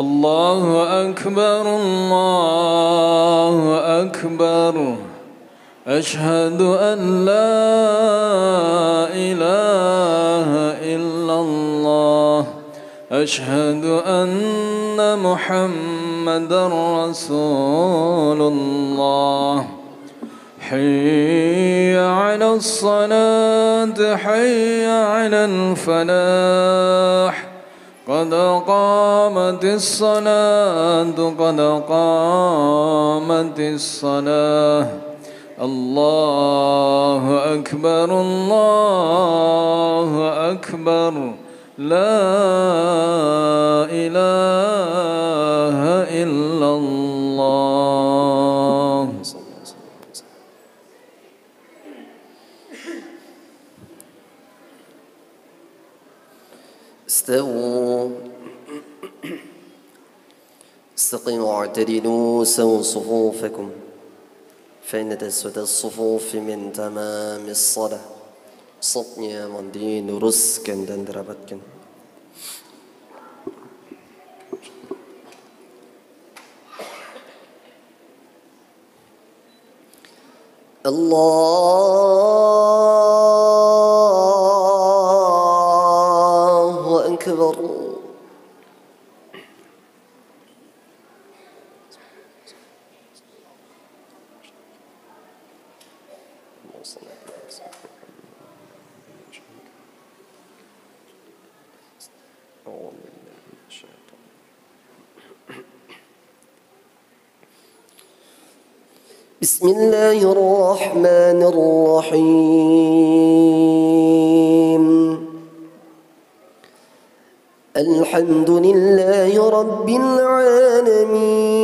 الله أكبر الله أكبر أشهد أن لا إله إلا الله أشهد أن محمدا رسول الله حي على الصلاة حي على الفلاح قد قامت الصلاة قد قامت الصلاة الله أكبر الله أكبر لا إله إلا الله استووا استقيموا واعتدلوا سووا صفوفكم فإن تسود الصفوف من تمام الصلاة صوتnya من دين dan دندربتك الله بسم الله الرحمن الرحيم الحمد لله رب العالمين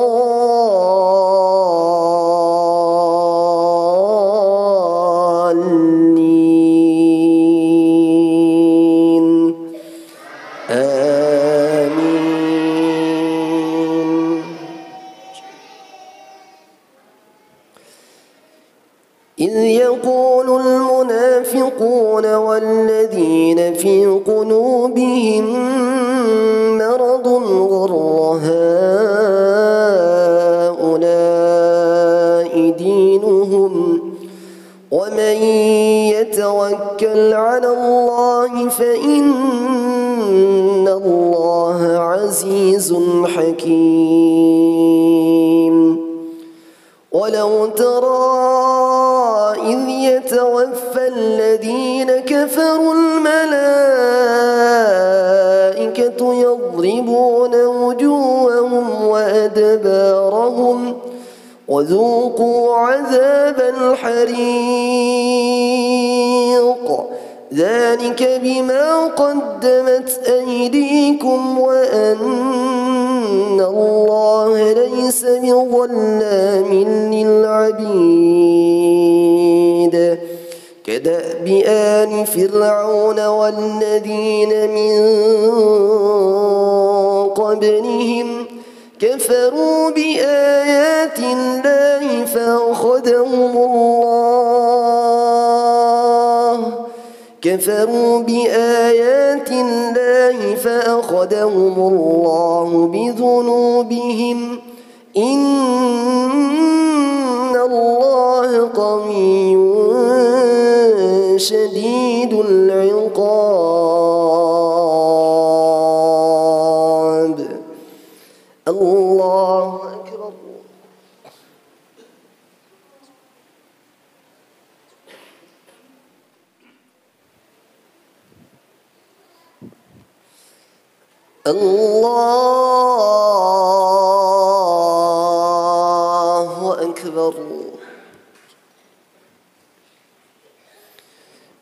الذين في قلوبهم مرض غر هؤلاء دينهم ومن يتوكل على الله فإن الله عزيز حكيم ولو ترى إذ يتوفى الذين كفروا الملائكة يضربون وجوههم وأدبارهم وذوقوا عذاب الحريق ذلك بما قدمت أيديكم وأن الله ليس بظلام للعبيد كداب ال فرعون والذين من قبلهم كفروا بايات الله فاخذهم الله كفروا بايات الله فاخذهم الله بذنوبهم ان الله قوي شديد العقاب الله أكبر الله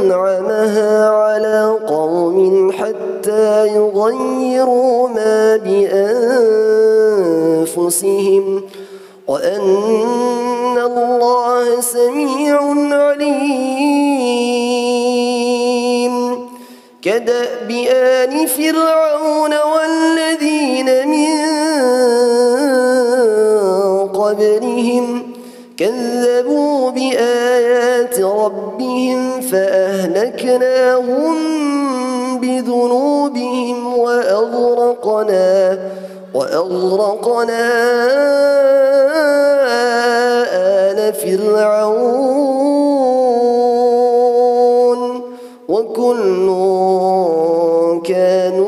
أنعمها على قوم حتى يغيروا ما بأنفسهم وأن الله سميع عليم كدأب آل فرعون والذين كذبوا بآيات ربهم فأهلكناهم بذنوبهم وأغرقنا وأغرقنا آل فرعون وكل كانوا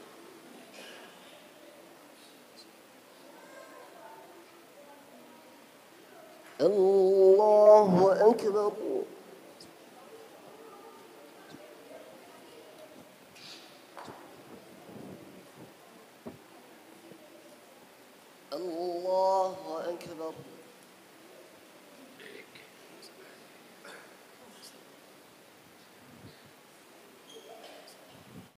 الله أكبر الله أكبر